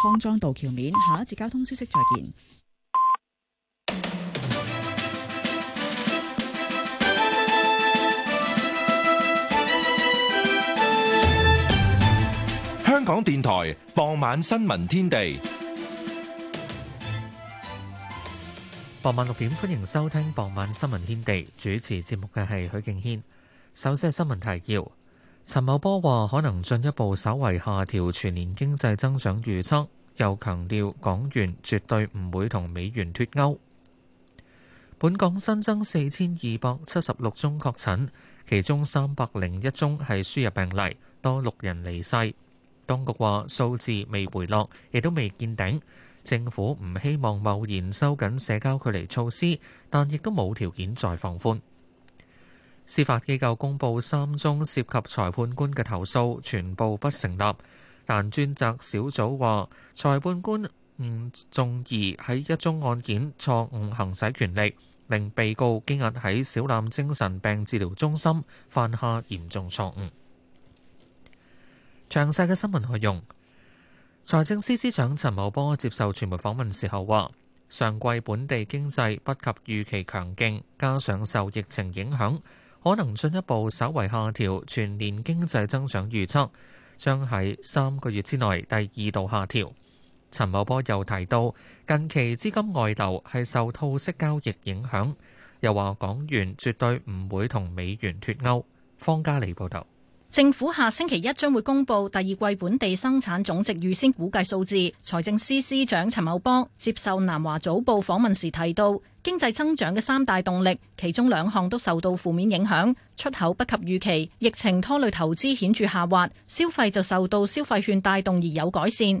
康莊道橋面，下一節交通消息，再見。香港電台傍晚新聞天地，傍晚六點歡迎收聽傍晚新聞天地。主持節目嘅係許敬軒，首先係新聞提要。陳茂波話：可能進一步稍為下調全年經濟增長預測，又強調港元絕對唔會同美元脫鉤。本港新增四千二百七十六宗確診，其中三百零一宗係輸入病例，多六人離世。當局話數字未回落，亦都未見頂。政府唔希望貿然收緊社交距離措施，但亦都冇條件再放寬。司法機構公布三宗涉及裁判官嘅投訴，全部不成立。但專責小組話，裁判官吳、嗯、仲儀喺一宗案件錯誤行使權力，令被告羈押喺小欖精神病治療中心犯下嚴重錯誤。詳細嘅新聞內容，財政司司長陳茂波接受傳媒訪問時候話：上季本地經濟不及預期強勁，加上受疫情影響。可能進一步稍微下調全年經濟增長預測，將喺三個月之內第二度下調。陳茂波又提到，近期資金外流係受套息交易影響，又話港元絕對唔會同美元脫鈎。方家利報導。政府下星期一將會公布第二季本地生產總值預先估計數字。財政司司長陳茂波接受南華早報訪問時提到，經濟增長嘅三大動力，其中兩項都受到負面影響，出口不及預期，疫情拖累投資顯著下滑，消費就受到消費券帶動而有改善。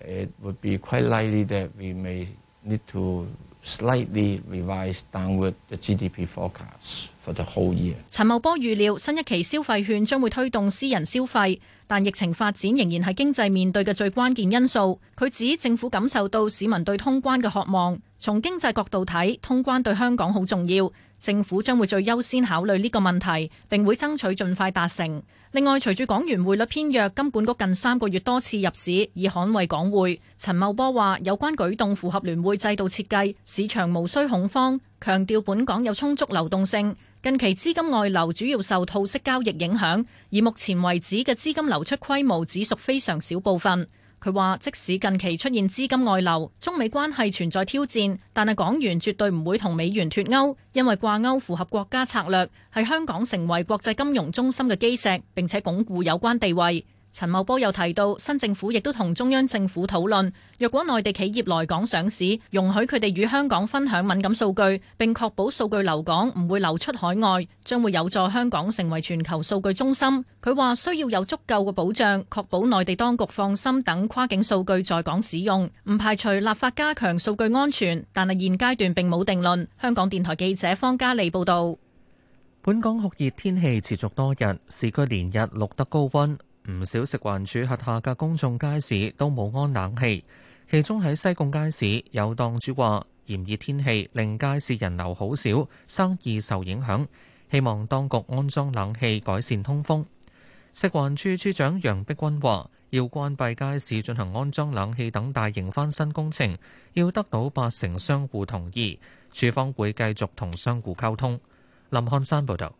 It would be quite likely that we may need to slightly revise downward the GDP forecast for the whole year. 陳茂波預料新一期消費券將會推動私人消費，但疫情發展仍然係經濟面對嘅最關鍵因素。佢指，政府感受到市民對通關嘅渴望，從經濟角度睇，通關對香港好重要，政府將會最優先考慮呢個問題，並會爭取盡快達成。另外，隨住港元匯率偏弱，金管局近三個月多次入市，以捍衛港匯。陳茂波話：有關舉動符合聯匯制度設計，市場無需恐慌。強調本港有充足流動性，近期資金外流主要受套息交易影響，而目前為止嘅資金流出規模只屬非常少部分。佢話：即使近期出現資金外流、中美關係存在挑戰，但係港元絕對唔會同美元脫鉤，因為掛鉤符合國家策略，係香港成為國際金融中心嘅基石，並且鞏固有關地位。陳茂波又提到，新政府亦都同中央政府討論，若果內地企業來港上市，容許佢哋與香港分享敏感數據，並確保數據留港唔會流出海外，將會有助香港成為全球數據中心。佢話需要有足夠嘅保障，確保內地當局放心等跨境數據在港使用，唔排除立法加強數據安全，但係現階段並冇定論。香港電台記者方嘉利報道，本港酷熱天氣持續多日，市區連日錄得高溫。唔少食環署轄下嘅公眾街市都冇安冷氣，其中喺西貢街市有檔主話，炎熱天氣令街市人流好少，生意受影響，希望當局安裝冷氣改善通風。食環署署長楊碧君話，要關閉街市進行安裝冷氣等大型翻新工程，要得到八成商戶同意，署方會繼續同商戶溝通。林漢山報道。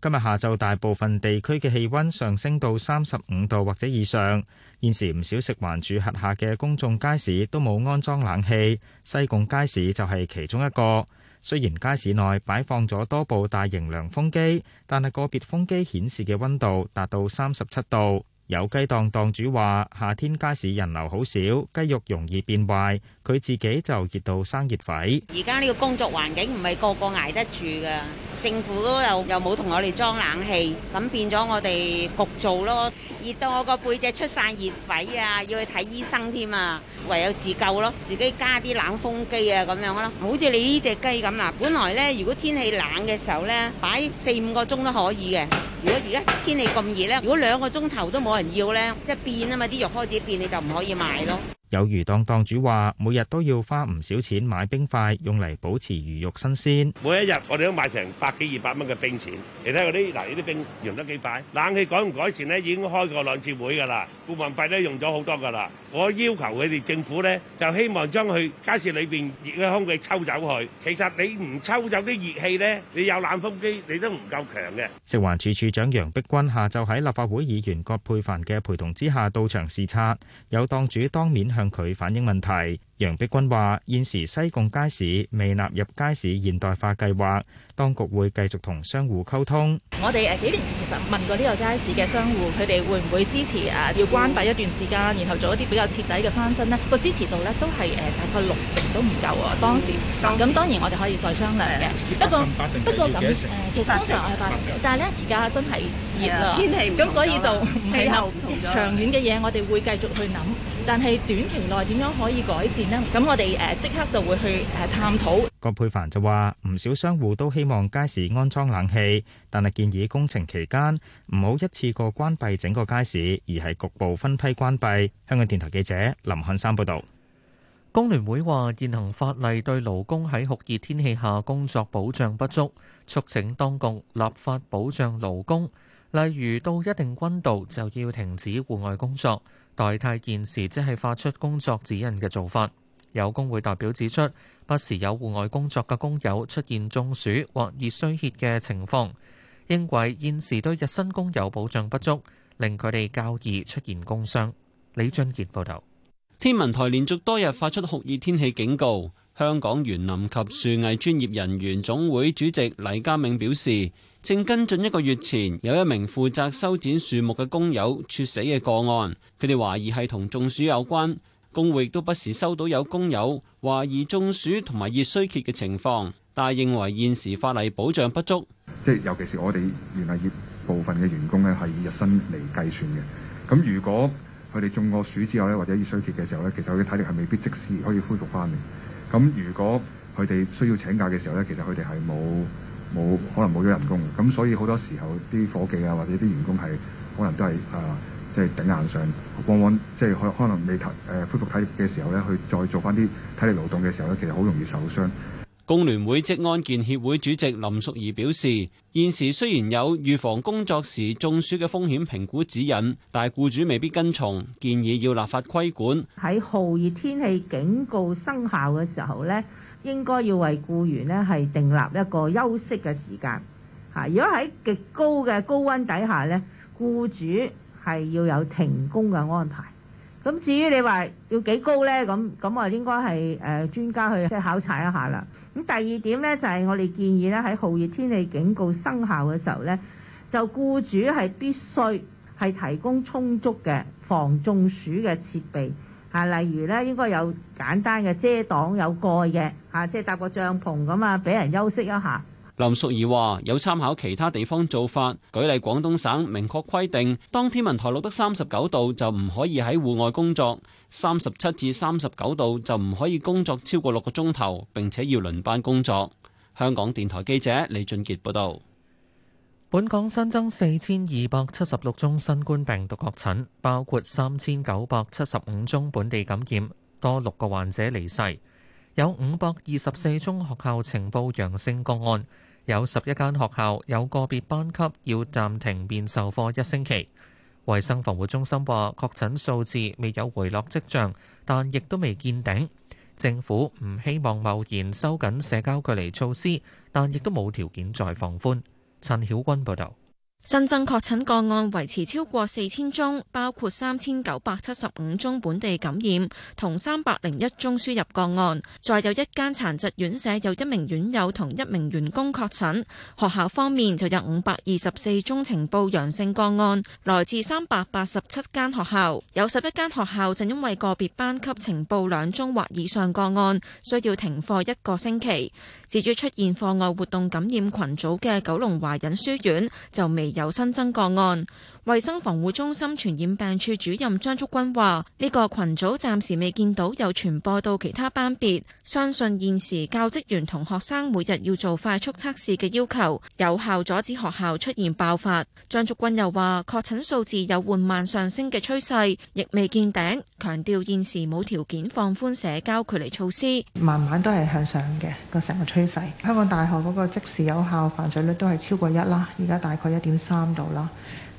今日下晝大部分地區嘅氣溫上升到三十五度或者以上。現時唔少食環署轄下嘅公眾街市都冇安裝冷氣，西貢街市就係其中一個，雖然街市內擺放咗多部大型涼風機，但係個別風機顯示嘅溫度達到三十七度。有雞檔檔主話：夏天街市人流好少，雞肉容易變壞。佢自己就熱到生熱痱。而家呢個工作環境唔係個個捱得住㗎，政府又又冇同我哋裝冷氣，咁變咗我哋焗做咯。熱到我個背脊出晒熱痱啊，要去睇醫生添啊，唯有自救咯，自己加啲冷風機啊咁樣咯。好似你呢隻雞咁喇，本來咧如果天氣冷嘅時候咧，擺四五個鐘都可以嘅。如果而家天氣咁熱咧，如果兩個鐘頭都冇人要咧，即係變啊嘛，啲肉開始變，你就唔可以賣咯。有魚檔檔主話，每日都要花唔少錢買冰塊用嚟保持魚肉新鮮。每一日我哋都買成百幾二百蚊嘅冰錢，你睇下嗰啲嗱，呢啲冰用得幾快？冷氣改唔改善咧，已經開過兩次會㗎啦，顧問費都用咗好多㗎啦。我要求佢哋政府呢，就希望將佢街市裏邊熱嘅空氣抽走佢。其實你唔抽走啲熱氣呢，你有冷風機你都唔夠強嘅。食環署署長楊碧君下晝喺立法會議員葛珮帆嘅陪同之下到場視察，有檔主當面向佢反映問題。楊碧君話：現時西貢街市未納入街市現代化計劃，當局會繼續同商戶溝通。我哋誒幾年前其實問過呢個街市嘅商戶，佢哋會唔會支持誒要關閉一段時間，然後做一啲比較徹底嘅翻新呢？個支持度咧都係誒大概六成都唔夠啊！當時咁，當然我哋可以再商量嘅。不過不過咁誒，其實通常係八成，但係咧而家真係熱啦，天氣咁，所以就唔係諗長遠嘅嘢，我哋會繼續去諗。但係短期內點樣可以改善？咁我哋誒即刻就會去誒探討。葛佩帆就話：唔少商戶都希望街市安裝冷氣，但係建議工程期間唔好一次過關閉整個街市，而係局部分批關閉。香港電台記者林漢山報道。工聯會話：現行法例對勞工喺酷熱天氣下工作保障不足，促請當局立法保障勞工，例如到一定溫度就要停止戶外工作。代替現時即係發出工作指引嘅做法，有工會代表指出，不時有戶外工作嘅工友出現中暑或熱衰竭嘅情況，認為現時對日薪工友保障不足，令佢哋較易出現工傷。李俊傑報道，天文台連續多日發出酷熱天氣警告，香港園林及樹藝專業人員總會主席黎嘉明表示。正跟進一個月前有一名負責修剪樹木嘅工友猝死嘅個案，佢哋懷疑係同中暑有關。工會亦都不時收到有工友懷疑中暑同埋熱衰竭嘅情況，但係認為現時法例保障不足。即係尤其是我哋園林業部分嘅員工咧，係以日薪嚟計算嘅。咁如果佢哋中過暑之後咧，或者熱衰竭嘅時候咧，其實佢嘅體力係未必即時可以恢復翻嚟。咁如果佢哋需要請假嘅時候咧，其實佢哋係冇。冇可能冇咗人工，咁所以好多時候啲伙計啊，或者啲員工係可能都係啊，即係頂硬上，往往即係可可能未誒恢復體力嘅時候咧，去再做翻啲體力勞動嘅時候咧，其實好容易受傷。工聯會職安健協會主席林淑儀表示，現時雖然有預防工作時中暑嘅風險評估指引，但係僱主未必跟從，建議要立法規管。喺酷熱天氣警告生效嘅時候咧。應該要為僱員咧係定立一個休息嘅時間，嚇！如果喺極高嘅高溫底下咧，僱主係要有停工嘅安排。咁至於你話要幾高咧，咁咁我應該係誒專家去即係考察一下啦。咁第二點咧就係、是、我哋建議咧喺酷熱天氣警告生效嘅時候咧，就僱主係必須係提供充足嘅防中暑嘅設備。啊，例如咧，應該有簡單嘅遮擋有蓋嘅，啊，即係搭個帳篷咁啊，俾人休息一下。林淑儀話：有參考其他地方做法，舉例廣東省明確規定，當天文台錄得三十九度就唔可以喺戶外工作，三十七至三十九度就唔可以工作超過六個鐘頭，並且要輪班工作。香港電台記者李俊傑報道。本港新增四千二百七十六宗新冠病毒確診，包括三千九百七十五宗本地感染，多六個患者離世。有五百二十四宗學校呈報陽性個案，有十一間學校有個別班級要暫停面授課一星期。衛生防護中心話，確診數字未有回落跡象，但亦都未見頂。政府唔希望貿然收緊社交距離措施，但亦都冇條件再放寬。陳曉君報道：新增確診個案維持超過四千宗，包括三千九百七十五宗本地感染同三百零一宗輸入個案。再有一間殘疾院舍有一名院友同一名員工確診。學校方面就有五百二十四宗情報陽性個案，來自三百八十七間學校，有十一間學校就因為個別班級情報兩宗或以上個案，需要停課一個星期。至於出現課外活動感染群組嘅九龍華仁書院，就未有新增個案。衛生防護中心傳染病處主任張竹君話：呢個群組暫時未見到有傳播到其他班別，相信現時教職員同學生每日要做快速測試嘅要求，有效阻止學校出現爆發。張竹君又話，確診數字有緩慢上升嘅趨勢，亦未見頂，強調現時冇條件放寬社交距離措施，慢慢都係向上嘅個成個趨勢。香港大學嗰個即時有效繁殖率都係超過一啦，而家大概一點三度啦。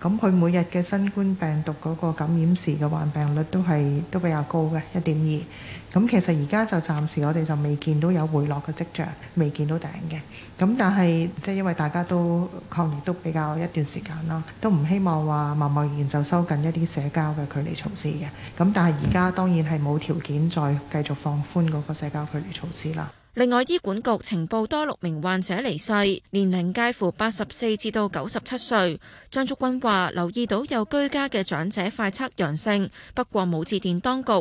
咁佢每日嘅新冠病毒嗰個感染時嘅患病率都係都比較高嘅一點二。咁其實而家就暫時我哋就未見到有回落嘅跡象，未見到頂嘅。咁但係即係因為大家都抗疫都比較一段時間啦，都唔希望話貿貿然就收緊一啲社交嘅距離措施嘅。咁但係而家當然係冇條件再繼續放寬嗰個社交距離措施啦。另外，醫管局呈報多六名患者離世，年齡介乎八十四至到九十七歲。張竹君話：留意到有居家嘅長者快測陽性，不過冇致電當局。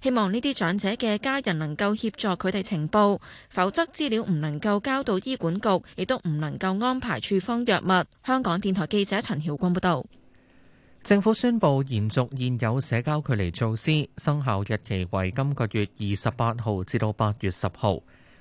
希望呢啲長者嘅家人能夠協助佢哋呈報，否則資料唔能夠交到醫管局，亦都唔能夠安排處方藥物。香港電台記者陳曉君報道，政府宣布延續現有社交距離措施，生效日期為今個月二十八號至到八月十號。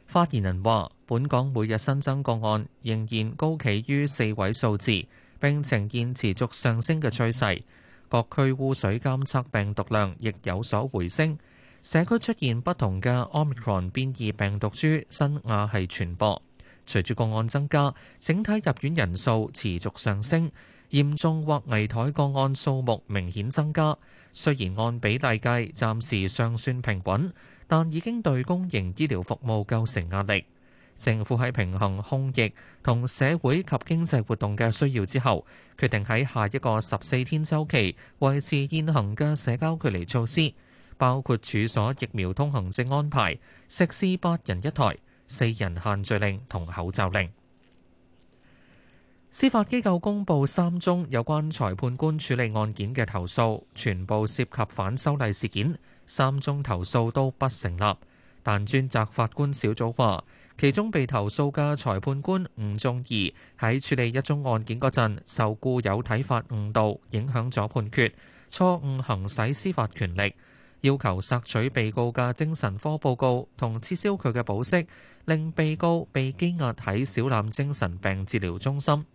發言人話：本港每日新增個案仍然高企於四位數字，並呈現持續上升嘅趨勢。各區污水監測病毒量亦有所回升，社區出現不同嘅 Omicron 變異病毒株新亞系傳播。隨住個案增加，整體入院人數持續上升，嚴重或危殆個案數目明顯增加。雖然按比例計，暫時尚算平穩。但已經對公營醫療服務構成壓力。政府喺平衡控疫同社會及經濟活動嘅需要之後，決定喺下一個十四天週期維持現行嘅社交距離措施，包括處所疫苗通行證安排、食肆八人一台、四人限聚令同口罩令。司法機構公布三宗有關裁判官處理案件嘅投訴，全部涉及反修例事件。三宗投訴都不成立，但專責法官小組話，其中被投訴嘅裁判官吳仲儀喺處理一宗案件嗰陣，受固有睇法誤導，影響咗判決，錯誤行使司法權力，要求索取被告嘅精神科報告同撤銷佢嘅保釋，令被告被羈押喺小欖精神病治療中心。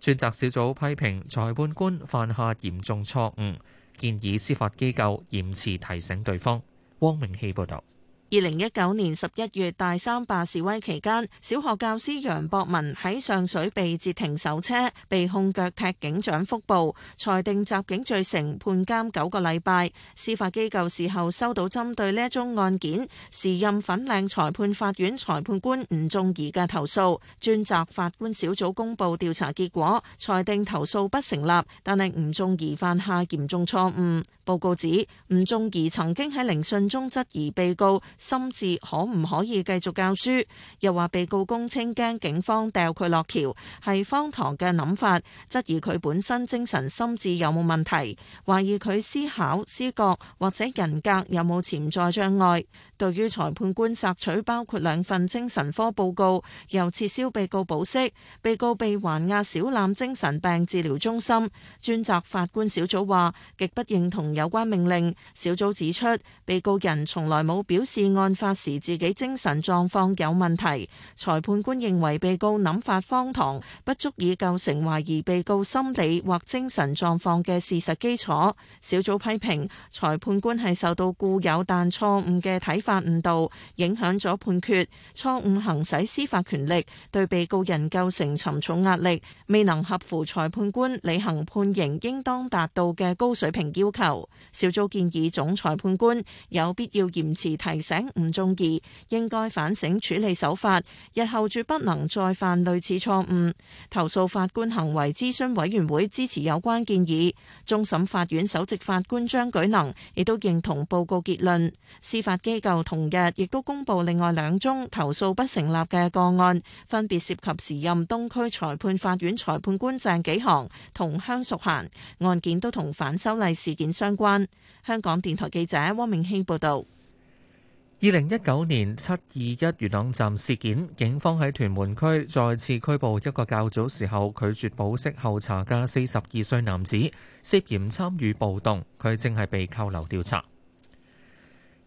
專責小組批評裁判官犯下嚴重錯誤。建議司法機構嚴詞提醒對方。汪明希報導。二零一九年十一月大三罷示威期間，小學教師楊博文喺上水被截停手車，被控腳踢警長腹部，裁定襲警罪成，判監九個禮拜。司法機構事後收到針對呢一宗案件，時任粉嶺裁判法院裁判官吳仲儀嘅投訴，專責法官小組公布調查結果，裁定投訴不成立，但係吳仲儀犯下嚴重錯誤。報告指，吳仲儀曾經喺聆訊中質疑被告，心智可唔可以繼續教書，又話被告供稱驚警方掉佢落橋，係荒唐嘅諗法，質疑佢本身精神心智有冇問題，懷疑佢思考、思覺或者人格有冇潛在障礙，對於裁判官索取包括兩份精神科報告，又撤銷被告保釋，被告被還押小欖精神病治療中心。專責法官小組話極不認同有關命令。小組指出，被告人從來冇表示。案發時自己精神狀況有問題，裁判官認為被告諗法荒唐，不足以構成懷疑被告心理或精神狀況嘅事實基礎。小組批評裁判官係受到固有但錯誤嘅睇法誤導，影響咗判決，錯誤行使司法權力，對被告人構成沉重壓力，未能合乎裁判官履行判刑應應應當達到嘅高水平要求。小組建議總裁判官有必要延遲提醒。唔中意，應該反省處理手法，日後絕不能再犯類似錯誤。投訴法官行為諮詢委員會支持有關建議，終審法院首席法官張舉能亦都認同報告結論。司法機構同日亦都公布另外兩宗投訴不成立嘅個案，分別涉及時任東區裁判法院裁判官鄭幾行同香淑賢案件，都同反修例事件相關。香港電台記者汪明興報導。二零一九年七二一元朗站事件，警方喺屯門區再次拘捕一個較早時候拒絕保釋候查嘅四十二歲男子，涉嫌參與暴動，佢正係被扣留調查。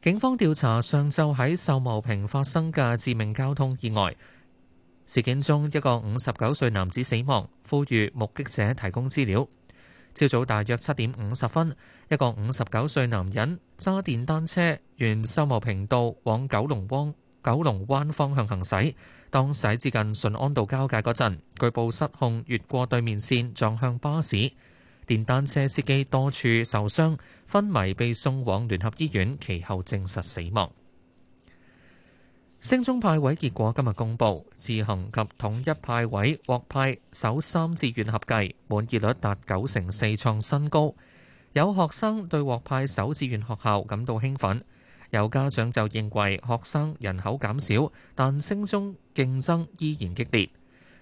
警方調查上晝喺秀茂坪發生嘅致命交通意外事件中，一個五十九歲男子死亡，呼籲目擊者提供資料。朝早大約七點五十分，一個五十九歲男人揸電單車沿秀茂坪道往九龍灣九龍灣方向行駛，當駛至近順安道交界嗰陣，據報失控越過對面線撞向巴士，電單車司機多處受傷昏迷，被送往聯合醫院，其後證實死亡。升中派位結果今日公布，自行及統一派位獲派首三志願合計滿意率達九成四，創新高。有學生對獲派首志願學校感到興奮，有家長就認為學生人口減少，但升中競爭依然激烈。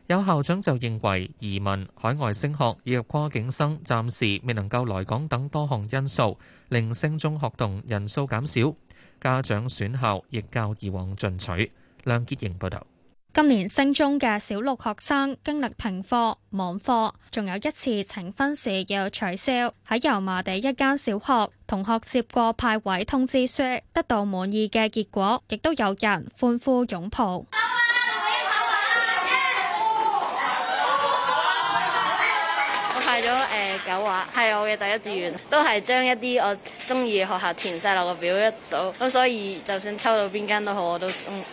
有校長就認為移民、海外升學以及跨境生暫時未能夠來港等多項因素，令升中學童人數減少。家長選校亦較以往進取。梁潔瑩報道：今年升中嘅小六學生經歷停課、網課，仲有一次呈分試又要取消。喺油麻地一間小學，同學接過派位通知書，得到滿意嘅結果，亦都有人歡呼擁抱。派咗誒九華係我嘅第一志願，都係將一啲我中意嘅學校填晒落個表一到，咁所以就算抽到邊間都好，我都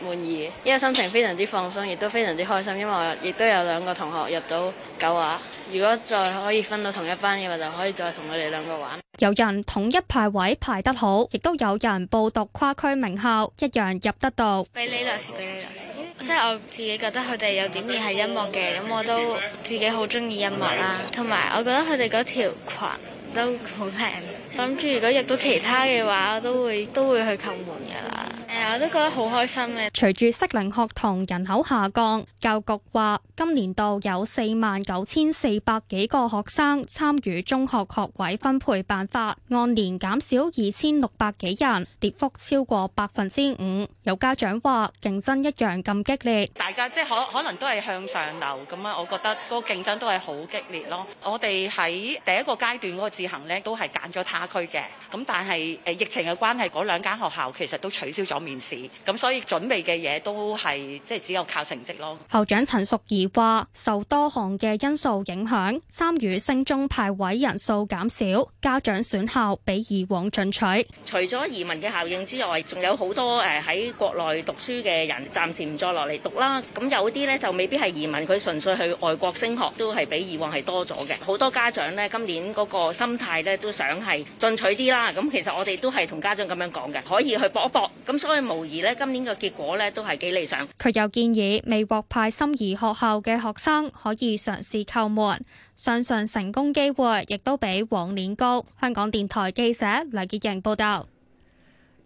滿意嘅，因為心情非常之放鬆，亦都非常之開心，因為我亦都有兩個同學入到九華，如果再可以分到同一班嘅話，就可以再同佢哋兩個玩。有人統一派位排得好，亦都有人報讀跨區名校一樣入得到。俾你兩次，俾你兩次。即係我自己覺得佢哋有點兒係音樂嘅，咁、嗯、我都自己好中意音樂啦。同埋、嗯、我覺得佢哋嗰條裙都好靚。諗住如果入到其他嘅話我都，都會都會去叩門㗎喇。誒、哎，我都覺得好開心嘅。隨住適齡學童人口下降，教育局話今年度有四萬九千四百幾個學生參與中學學位分配辦法，按年減少二千六百幾人，跌幅超過百分之五。有家長話競爭一樣咁激烈，大家即係可可能都係向上流咁啊。我覺得嗰個競爭都係好激烈咯。我哋喺第一個階段嗰個自行咧，都係揀咗區嘅，咁但係誒疫情嘅關係，嗰兩間學校其實都取消咗面試，咁所以準備嘅嘢都係即係只有靠成績咯。校長陳淑儀話，受多項嘅因素影響，參與升中派位人數減少，家長選校比以往進取。除咗移民嘅效應之外，仲有好多誒喺國內讀書嘅人暫時唔再落嚟讀啦。咁有啲咧就未必係移民，佢純粹去外國升學都係比以往係多咗嘅。好多家長呢，今年嗰個心態咧都想係。進取啲啦，咁其實我哋都係同家長咁樣講嘅，可以去搏一搏。咁所以無疑呢，今年嘅結果呢都係幾理想。佢又建議未獲派心儀學校嘅學生可以嘗試叩門，相信成功機會亦都比往年高。香港電台記者黎潔瑩報道。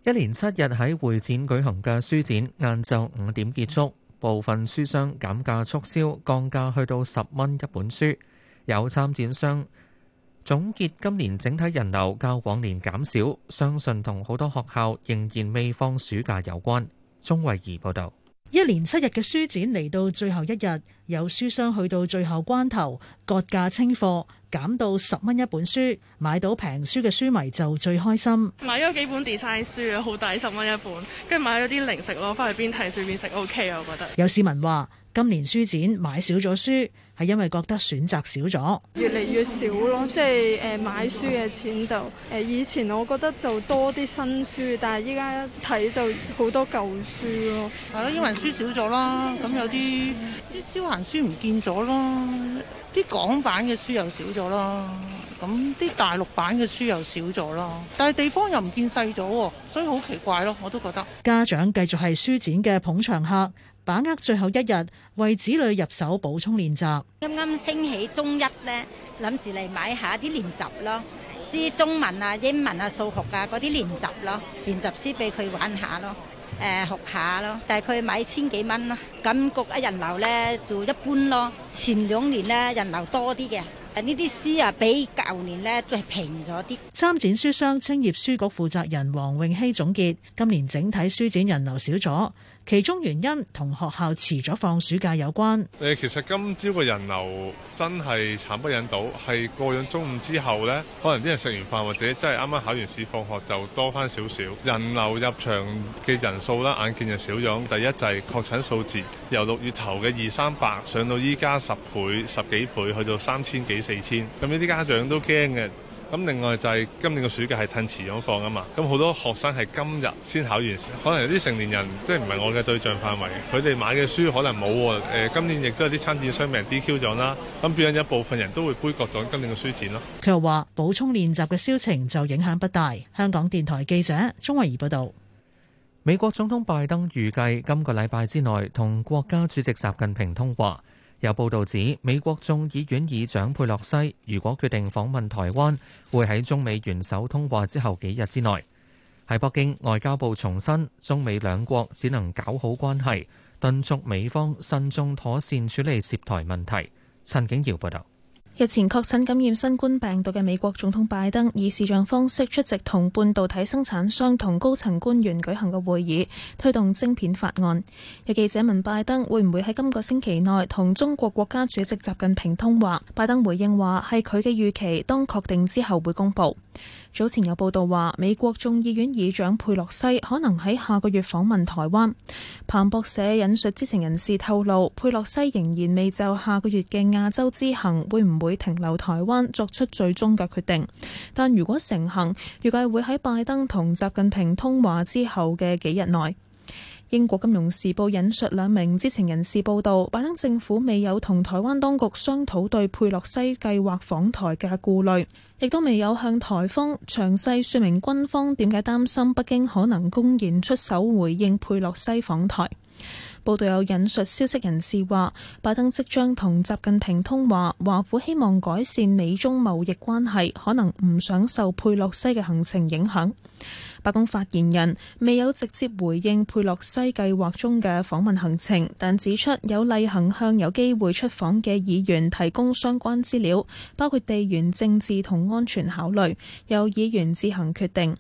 一連七日喺會展舉行嘅書展，晏晝五點結束，部分書商減價促銷，降價去到十蚊一本書，有參展商，總結今年整體人流較往年減少，相信同好多學校仍然未放暑假有關。鐘慧儀報道：，一年七日嘅書展嚟到最後一日，有書商去到最後關頭割價清貨，減到十蚊一本書，買到平書嘅書迷就最開心。買咗幾本 design 書啊，好抵十蚊一本，跟住買咗啲零食咯，翻去邊睇書邊食 O K 啊，OK, 我覺得。有市民話。今年書展買少咗書，係因為覺得選擇少咗，越嚟越少咯。即係誒買書嘅錢就誒以前我覺得就多啲新書，但係依家一睇就好多舊書咯。係咯，因為書少咗啦。咁有啲啲消閒書唔見咗咯，啲港版嘅書又少咗啦。咁啲大陸版嘅書又少咗啦。但係地方又唔見細咗，所以好奇怪咯。我都覺得家長繼續係書展嘅捧場客。把握最後一日為子女入手補充練習。啱啱升起中一呢，諗住嚟買下啲練習咯，知中文啊、英文啊、數學啊嗰啲練習咯，練習書俾佢玩下咯，誒、呃、學下咯。大概買千幾蚊咯。感覺人流呢就一般咯。前兩年呢，人流多啲嘅。誒呢啲書啊比舊年呢都係平咗啲。參展書商青葉書局負責人黃永熙總結：今年整體書展人流少咗。其中原因同學校遲咗放暑假有關。誒，其實今朝嘅人流真係慘不忍睹，係過咗中午之後呢，可能啲人食完飯，或者真係啱啱考完試放學，就多翻少少，人流入場嘅人數啦，眼見就少咗。第一就係確診數字，由六月頭嘅二三百上到依家十倍十幾倍去到三千幾四千，咁呢啲家長都驚嘅。咁另外就係今年嘅暑假係趁遲咗放啊嘛，咁好多學生係今日先考完，可能有啲成年人即係唔係我嘅對象範圍，佢哋買嘅書可能冇誒、呃、今年亦都有啲參展商被 DQ 咗啦，咁變咗一部分人都會杯葛咗今年嘅書展咯。佢又話補充練習嘅銷情就影響不大。香港電台記者鍾慧儀報道。美國總統拜登預計今個禮拜之內同國家主席習近平通話。有報道指，美國眾議院議長佩洛西如果決定訪問台灣，會喺中美元首通話之後幾日之內。喺北京，外交部重申，中美兩國只能搞好關係，敦促美方慎重妥善處理涉台問題。陳景堯報道。日前確診感染新冠病毒嘅美國總統拜登，以視像方式出席同半導體生產商同高層官員舉行嘅會議，推動晶片法案。有記者問拜登會唔會喺今個星期內同中國國家主席習近平通話，拜登回應話係佢嘅預期，當確定之後會公佈。早前有報道話，美國眾議院議長佩洛西可能喺下個月訪問台灣。彭博社引述知情人士透露，佩洛西仍然未就下個月嘅亞洲之行會唔會停留台灣作出最終嘅決定，但如果成行，預計會喺拜登同習近平通話之後嘅幾日內。英國金融時報引述兩名知情人士報道，拜登政府未有同台灣當局商討對佩洛西計劃訪台嘅顧慮，亦都未有向台方詳細説明軍方點解擔心北京可能公然出手回應佩洛西訪台。報道有引述消息人士話，拜登即將同習近平通話，華府希望改善美中貿易關係，可能唔想受佩洛西嘅行程影響。白宮發言人未有直接回應佩洛西計劃中嘅訪問行程，但指出有例行向有機會出訪嘅議員提供相關資料，包括地緣政治同安全考慮，由議員自行決定。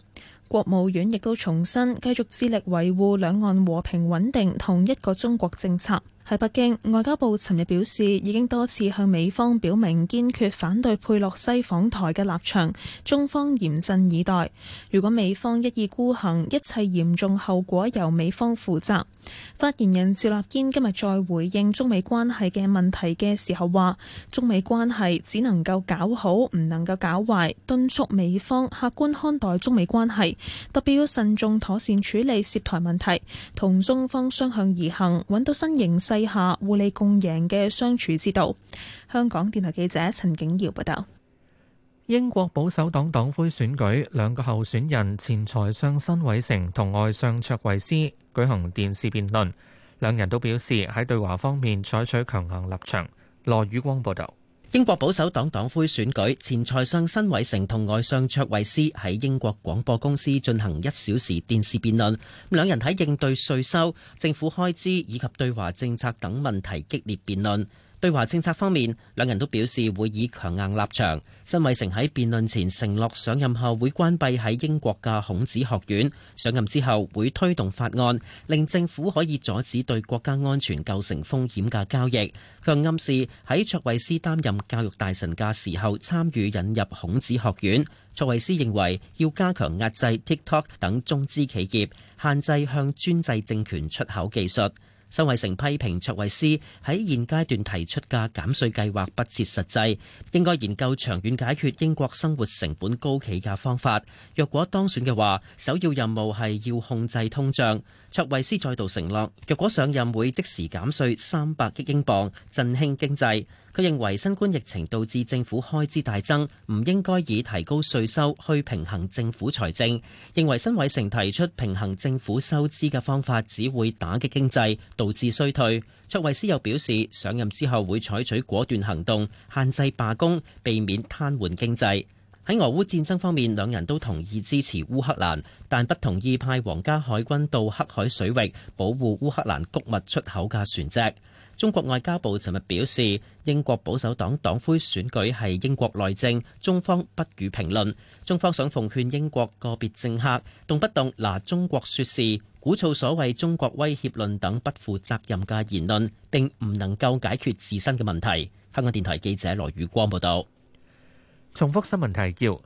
國務院亦都重申繼續致力維護兩岸和平穩定同一個中國政策。喺北京，外交部尋日表示，已經多次向美方表明堅決反對佩洛西訪台嘅立場，中方嚴陣以待。如果美方一意孤行，一切嚴重後果由美方負責。發言人趙立堅今日再回應中美關係嘅問題嘅時候話：中美關係只能夠搞好，唔能夠搞壞。敦促美方客觀看待中美關係，特別要慎重妥善處理涉台問題，同中方相向而行，揾到新形勢下互利共贏嘅相處之道。香港電台記者陳景堯報道。英國保守黨黨魁選舉兩個候選人前財相新偉成同外相卓慧斯舉行電視辯論，兩人都表示喺對華方面採取強硬立場。羅宇光報道，英國保守黨黨魁選舉前財相新偉成同外相卓慧斯喺英國廣播公司進行一小時電視辯論，咁兩人喺應對稅收、政府開支以及對華政策等問題激烈辯論。對華政策方面，兩人都表示會以強硬立場。辛偉誠喺辯論前承諾上任後會關閉喺英國嘅孔子學院。上任之後會推動法案，令政府可以阻止對國家安全構成風險嘅交易。佢暗示喺卓慧思擔任教育大臣嘅時候參與引入孔子學院。卓慧思認為要加強壓制 TikTok 等中資企業，限制向專制政權出口技術。辛偉誠批評卓慧思喺現階段提出嘅減稅計劃不切實際，應該研究長遠解決英國生活成本高企嘅方法。若果當選嘅話，首要任務係要控制通脹。卓慧思再度承諾，若果上任會即時減稅三百億英鎊，振興經濟。佢認為新冠疫情導致政府開支大增，唔應該以提高稅收去平衡政府財政。認為辛偉誠提出平衡政府收支嘅方法，只會打擊經濟，導致衰退。卓慧思又表示，上任之後會採取果斷行動，限制罷工，避免癱瘓經濟。喺俄烏戰爭方面，兩人都同意支持烏克蘭，但不同意派皇家海軍到黑海水域保護烏克蘭穀物出口嘅船隻。中國外交部尋日表示，英國保守黨黨，黨魁選舉係英國內政，中方不予評論。中方想奉勸英國個別政客，動不動拿中國說事，鼓噪所謂中國威脅論等不負責任嘅言論，並唔能夠解決自身嘅問題。香港電台記者羅宇光報道。重複新聞提要：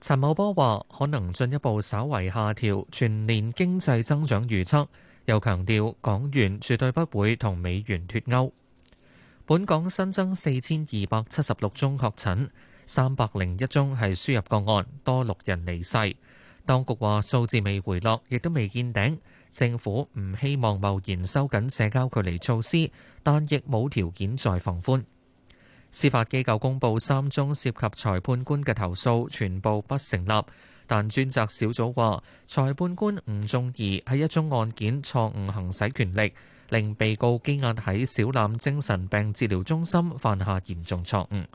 陳茂波話，可能進一步稍為下調全年經濟增長預測。又強調港元絕對不會同美元脫鉤。本港新增四千二百七十六宗確診，三百零一宗係輸入個案，多六人離世。當局話數字未回落，亦都未見頂。政府唔希望貿然收緊社交距離措施，但亦冇條件再放寬。司法機構公布三宗涉及裁判官嘅投訴，全部不成立。但專責小組話，裁判官吳仲儀喺一宗案件錯誤行使權力，令被告羈押喺小欖精神病治療中心，犯下嚴重錯誤。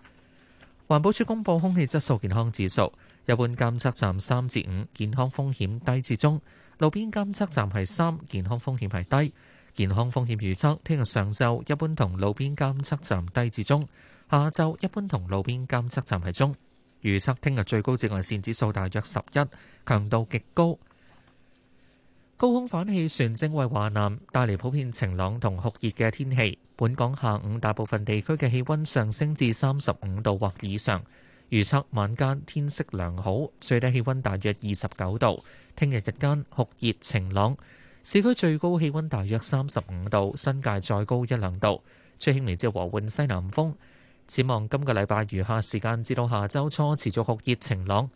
環保署公布空氣質素健康指數，一般監測站三至五，健康風險低至中；路邊監測站係三，健康風險係低。健康風險預測，聽日上晝一般同路邊監測站低至中，下晝一般同路邊監測站係中。預測聽日最高紫外線指數大約十一，強度極高。高空反氣旋正為華南帶嚟普遍晴朗同酷熱嘅天氣。本港下午大部分地區嘅氣温上升至三十五度或以上。預測晚間天色良好，最低氣温大約二十九度。聽日日間酷熱晴朗，市區最高氣温大約三十五度，新界再高一兩度。吹輕微至和緩西南風。展望今個禮拜餘下時間至到下周初持續酷熱晴朗，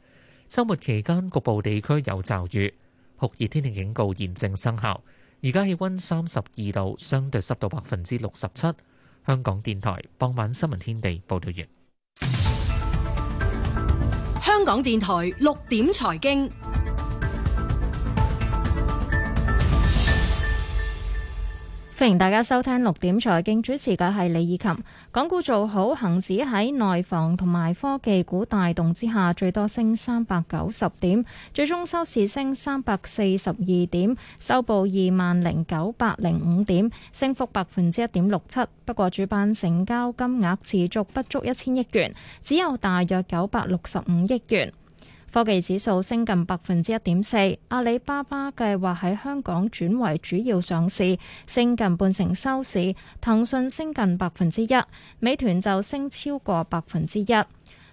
周末期間局部地區有驟雨，酷熱天氣警告現正生效。而家氣溫三十二度，相對濕度百分之六十七。香港電台傍晚新聞天地報道完。香港電台六點財經。歡迎大家收聽六點財經，主持嘅係李以琴。港股做好，恒指喺內房同埋科技股帶動之下，最多升三百九十點，最終收市升三百四十二點，收報二萬零九百零五點，升幅百分之一點六七。不過主板成交金額持續不足一千億元，只有大約九百六十五億元。科技指數升近百分之一點四，阿里巴巴計劃喺香港轉為主要上市，升近半成收市。騰訊升近百分之一，美團就升超過百分之一。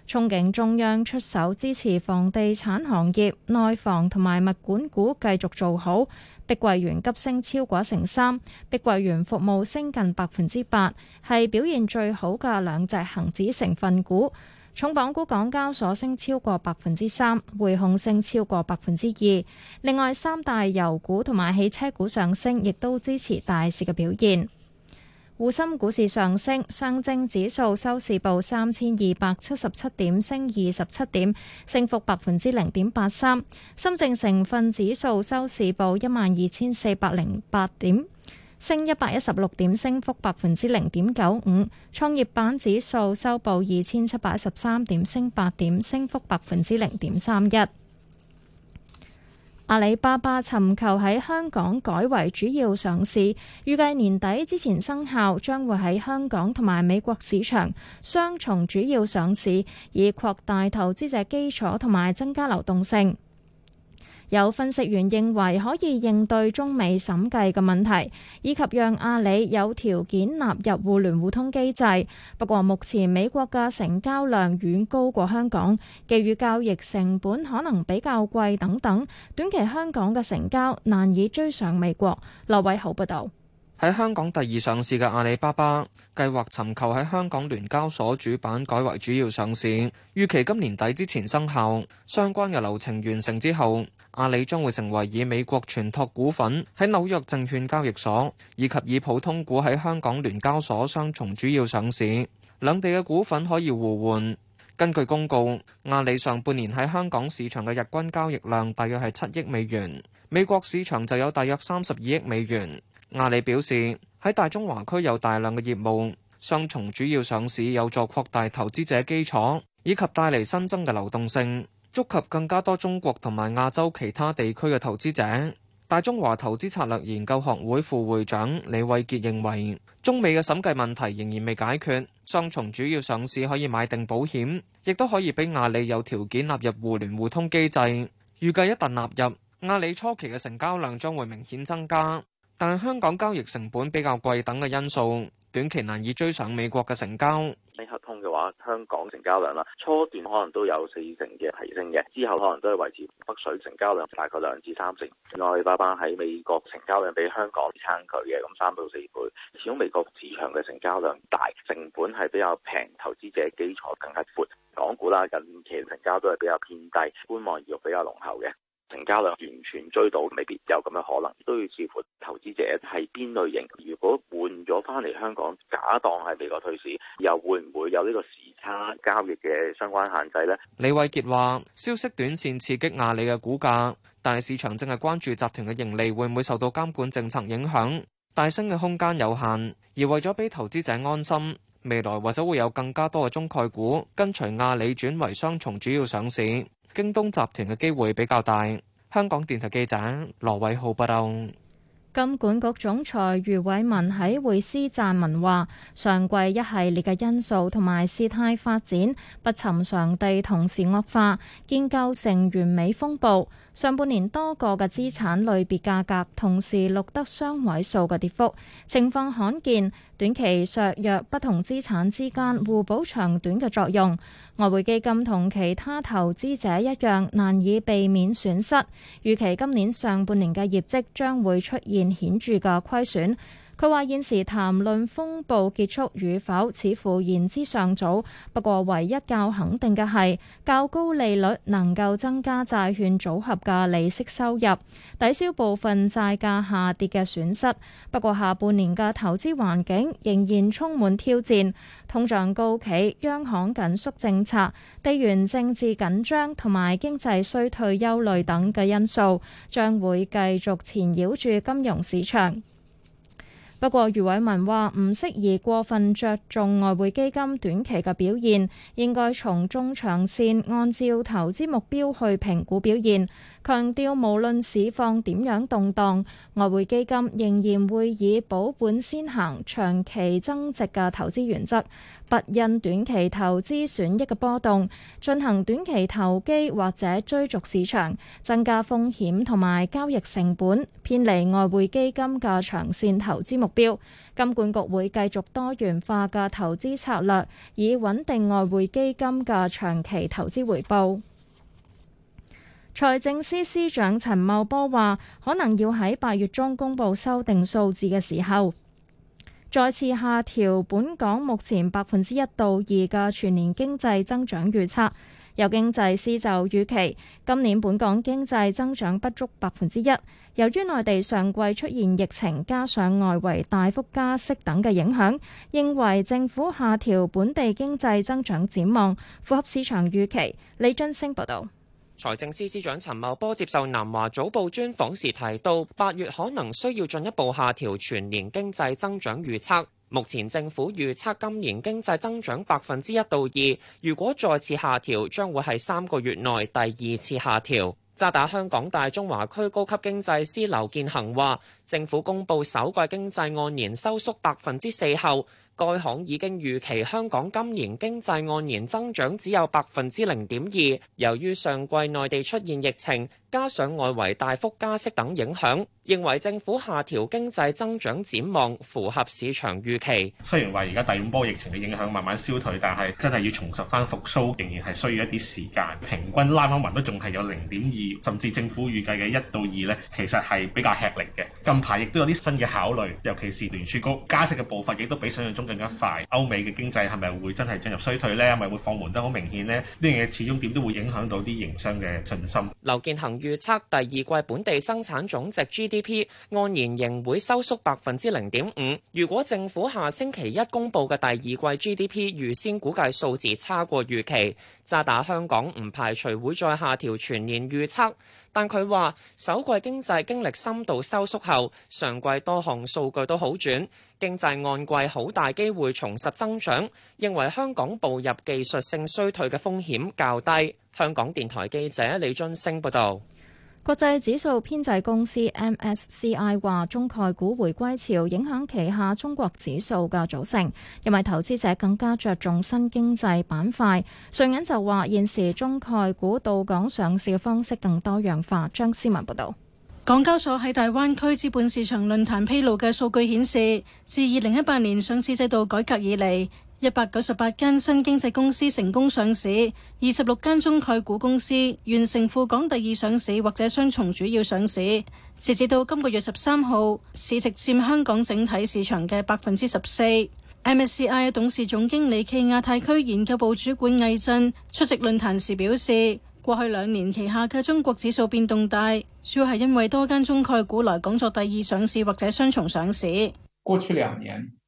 憧憬中央出手支持房地產行業，內房同埋物管股繼續做好。碧桂園急升超過成三，碧桂園服務升近百分之八，係表現最好嘅兩隻恒指成分股。重磅股，港交所升超過百分之三，匯控升超過百分之二。另外，三大油股同埋汽車股上升，亦都支持大市嘅表現。滬深股市上升，上證指數收市報三千二百七十七點，升二十七點，升幅百分之零點八三。深證成分指數收市報一萬二千四百零八點。升一百一十六點，升幅百分之零點九五。創業板指數收報二千七百一十三點，升八點，升幅百分之零點三一。阿里巴巴尋求喺香港改為主要上市，預計年底之前生效，將會喺香港同埋美國市場雙重主要上市，以擴大投資者基礎同埋增加流動性。有分析員認為可以應對中美審計嘅問題，以及讓阿里有條件納入互聯互通機制。不過目前美國嘅成交量遠高過香港，基於交易成本可能比較貴等等，短期香港嘅成交難以追上美國，劉偉豪報道。喺香港第二上市嘅阿里巴巴，計劃尋求喺香港聯交所主板改為主要上市，預期今年底之前生效。相關嘅流程完成之後，阿里將會成為以美國存託股份喺紐約證券交易所，以及以普通股喺香港聯交所雙重主要上市，兩地嘅股份可以互換。根據公告，阿里上半年喺香港市場嘅日均交易量大約係七億美元，美國市場就有大約三十二億美元。阿里表示喺大中華區有大量嘅業務，雙重主要上市有助擴大投資者基礎，以及帶嚟新增嘅流動性，觸及更加多中國同埋亞洲其他地區嘅投資者。大中華投資策略研究學會副會長李偉杰認為，中美嘅審計問題仍然未解決，雙重主要上市可以買定保險，亦都可以俾阿里有條件納入互聯互通機制。預計一旦納入，阿里初期嘅成交量將會明顯增加。但係香港交易成本比較貴等嘅因素，短期難以追上美國嘅成交。喺合通嘅話，香港成交量啦，初段可能都有四成嘅提升嘅，之後可能都係維持北水成交量大概兩至三成。阿里巴巴喺美國成交量比香港撐佢嘅，咁三到四倍。始終美國市場嘅成交量大，成本係比較平，投資者基礎更加闊。港股啦，近期成交都係比較偏低，觀望意欲比較濃厚嘅。成交量完全追到，未必有咁嘅可能。都要視乎投資者係邊類型。如果換咗翻嚟，香港假當係美國退市，又會唔會有呢個時差交易嘅相關限制咧？李偉傑話，消息短線刺激阿里嘅股價，但係市場正係關注集團嘅盈利會唔會受到監管政策影響，大升嘅空間有限。而為咗俾投資者安心，未來或者會有更加多嘅中概股跟隨阿里轉為雙重主要上市。京東集團嘅機會比較大。香港電台記者羅偉浩報道。金管局總裁余偉文喺匯思撰文話，上季一系列嘅因素同埋事態發展，不尋常地同時惡化，建構成完美風暴。上半年多個嘅資產類別價格同時錄得雙位數嘅跌幅，情況罕見。短期削弱不同資產之間互補長短嘅作用。外匯基金同其他投資者一樣，難以避免損失。預期今年上半年嘅業績將會出現顯著嘅虧損。佢話：現時談論風暴結束與否，似乎言之尚早。不過，唯一較肯定嘅係，較高利率能夠增加債券組合嘅利息收入，抵消部分債價下跌嘅損失。不過，下半年嘅投資環境仍然充滿挑戰，通脹高企、央行緊縮政策、地緣政治緊張同埋經濟衰退憂慮等嘅因素，將會繼續纏繞住金融市場。不過，余偉文話唔適宜過分着重外匯基金短期嘅表現，應該從中長線按照投資目標去評估表現。強調，無論市況點樣動盪，外匯基金仍然會以保本先行、長期增值嘅投資原則，不因短期投資損益嘅波動進行短期投機或者追逐市場，增加風險同埋交易成本，偏離外匯基金嘅長線投資目標。金管局會繼續多元化嘅投資策略，以穩定外匯基金嘅長期投資回報。財政司司長陳茂波話，可能要喺八月中公布修訂數字嘅時候，再次下調本港目前百分之一到二嘅全年經濟增長預測。有經濟師就預期今年本港經濟增長不足百分之一，由於內地上季出現疫情，加上外圍大幅加息等嘅影響，認為政府下調本地經濟增長展望，符合市場預期。李津升報道。財政司司長陳茂波接受南華早報專訪時提到，八月可能需要進一步下調全年經濟增長預測。目前政府預測今年經濟增長百分之一到二，如果再次下調，將會係三個月內第二次下調。渣打香港大中華區高級經濟師劉建恒話，政府公布首季經濟按年收縮百分之四後，該行已經預期香港今年經濟按年增長只有百分之零點二，由於上季內地出現疫情，加上外圍大幅加息等影響。認為政府下調經濟增長展望符合市場預期。雖然話而家第五波疫情嘅影響慢慢消退，但係真係要重拾返復甦，仍然係需要一啲時間。平均拉返勻都仲係有零點二，甚至政府預計嘅一到二呢，其實係比較吃力嘅。近排亦都有啲新嘅考慮，尤其是聯儲局加息嘅步伐亦都比想像中更加快。歐美嘅經濟係咪會真係進入衰退呢？係咪會放緩得好明顯呢？呢樣嘢始終點都會影響到啲營商嘅信心。劉建恒預測第二季本地生產總值 GDP GDP 按年仍會收縮百分之零點五。如果政府下星期一公布嘅第二季 GDP 預先估計數字差過預期，渣打香港唔排除會再下調全年預測。但佢話首季經濟經歷深度收縮後，上季多項數據都好轉，經濟按季好大機會重拾增長。認為香港步入技術性衰退嘅風險較低。香港電台記者李津升報道。國際指數編製公司 MSCI 話，中概股回歸潮影響旗下中國指數嘅組成，因為投資者更加着重新經濟板塊。瑞銀就話，現時中概股到港上市嘅方式更多樣化。張思文報道。港交所喺大灣區資本市場論壇披露嘅數據顯示，自二零一八年上市制度改革以嚟。一百九十八間新經濟公司成功上市，二十六間中概股公司完成赴港第二上市或者雙重主要上市。截至到今個月十三號，市值佔香港整體市場嘅百分之十四。MSCI 董事總經理暨亞太區研究部主管魏震出席論壇時表示，過去兩年旗下嘅中國指數變動大，主要係因為多間中概股來港做第二上市或者雙重上市。過去兩年。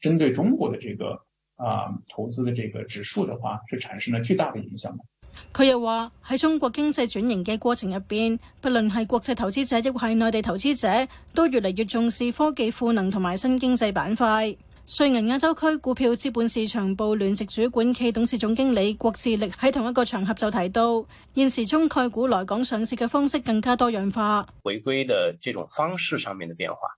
針對中國的這個啊投資的這個指數的話，是產生了巨大的影響。佢又話喺中國經濟轉型嘅過程入邊，不論係國際投資者亦或係內地投資者，都越嚟越重視科技賦能同埋新經濟板塊。瑞銀亞洲區股票資本市場部聯席主管暨董事總經理郭志力喺同一個場合就提到，現時中概股來港上市嘅方式更加多元化。回歸的這種方式上面的變化。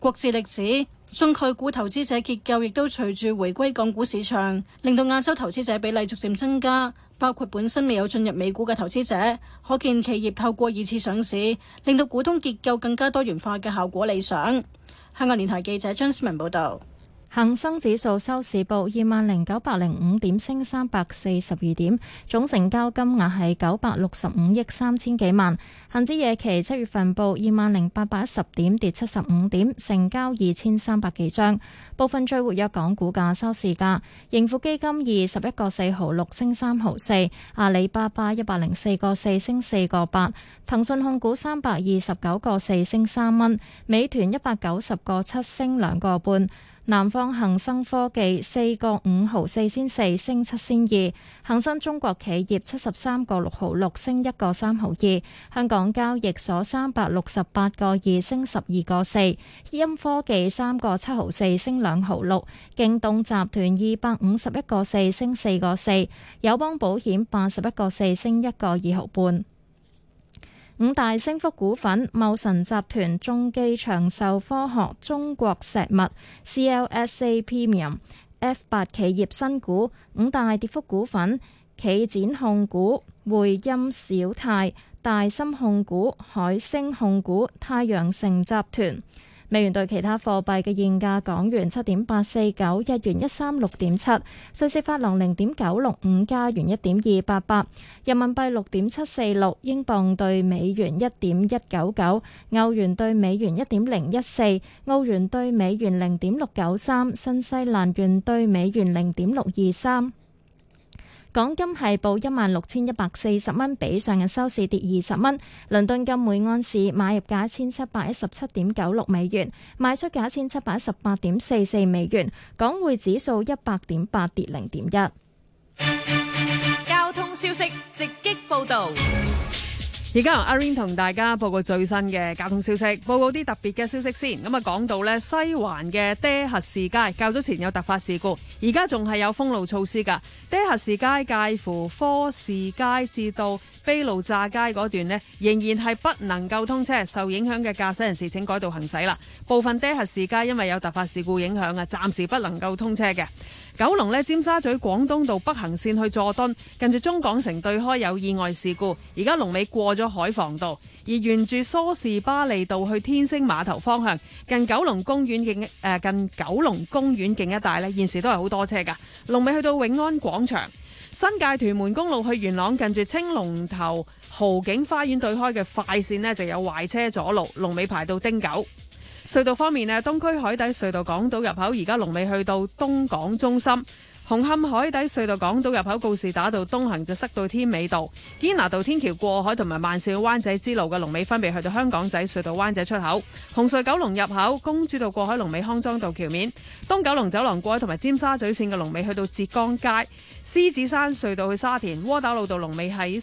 國智力史，中概股投資者結構亦都隨住回歸港股市場，令到亞洲投資者比例逐漸增加，包括本身未有進入美股嘅投資者。可見企業透過二次上市，令到股東結構更加多元化嘅效果理想。香港電台記者張思文報道。恒生指數收市報二萬零九百零五點，升三百四十二點，總成交金額係九百六十五億三千幾萬。恒指夜期七月份報二萬零八百一十點，跌七十五點，成交二千三百幾張。部分最活躍港股價收市價：盈富基金二十一個四毫六，升三毫四，阿里巴巴一百零四個四，升四個八，騰訊控股三百二十九個四，升三蚊，美團一百九十個七，升兩個半。南方恒生科技四個五毫四，先四升七先二。恒生中國企業七十三個六毫六，升一個三毫二。香港交易所三百六十八個二，升十二個四。鑫科技三個七毫四，升兩毫六。京東集團二百五十一個四，升四個四。友邦保險八十一個四，升一個二毫半。五大升幅股份：茂神集團、中基長壽科學、中國石物、CLSA Premium、F8 企業新股；五大跌幅股份：企展控股、匯音小泰、大森控股、海星控股、太陽城集團。美元兌其他貨幣嘅現價：港元七點八四九，日元一三六點七，瑞士法郎零點九六五，加元一點二八八，人民幣六點七四六，英鎊對美元一點一九九，歐元對美元一點零一四，澳元對美元零點六九三，新西蘭元對美元零點六二三。港金係報一萬六千一百四十蚊，比上日收市跌二十蚊。倫敦金每安士買入價一千七百一十七點九六美元，賣出價一千七百一十八點四四美元。港匯指數一百點八跌零點一。交通消息直擊報道。而家由阿 rain 同大家報告最新嘅交通消息，報告啲特別嘅消息先。咁啊，講到咧西環嘅爹核士街，較早前有突發事故，而家仲係有封路措施㗎。爹核士街介乎科士街至到。卑路乍街嗰段呢，仍然係不能夠通車，受影響嘅駕駛人士請改道行駛啦。部分爹核士街因為有突發事故影響啊，暫時不能夠通車嘅。九龍呢，尖沙咀廣東道北行線去佐敦，近住中港城對開有意外事故，而家龍尾過咗海防道。而沿住梳士巴利道去天星碼頭方向，近九龍公園徑誒，近九龍公園徑一帶呢，現時都係好多車噶。龍尾去到永安廣場。新界屯門公路去元朗，近住青龍頭豪景花園對開嘅快線呢，就有壞車阻路，龍尾排到丁九。隧道方面咧，東區海底隧道港島入口而家龍尾去到東港中心。紅磡海底隧道港島入口告士打道東行就塞到天尾道，堅拿道天橋過海同埋萬善灣仔支路嘅龍尾分別去到香港仔隧道灣仔出口，紅隧九龍入口公主道過海龍尾康莊道橋面，東九龍走廊過海同埋尖沙咀線嘅龍尾去到浙江街，獅子山隧道去沙田窩打老道龍尾喺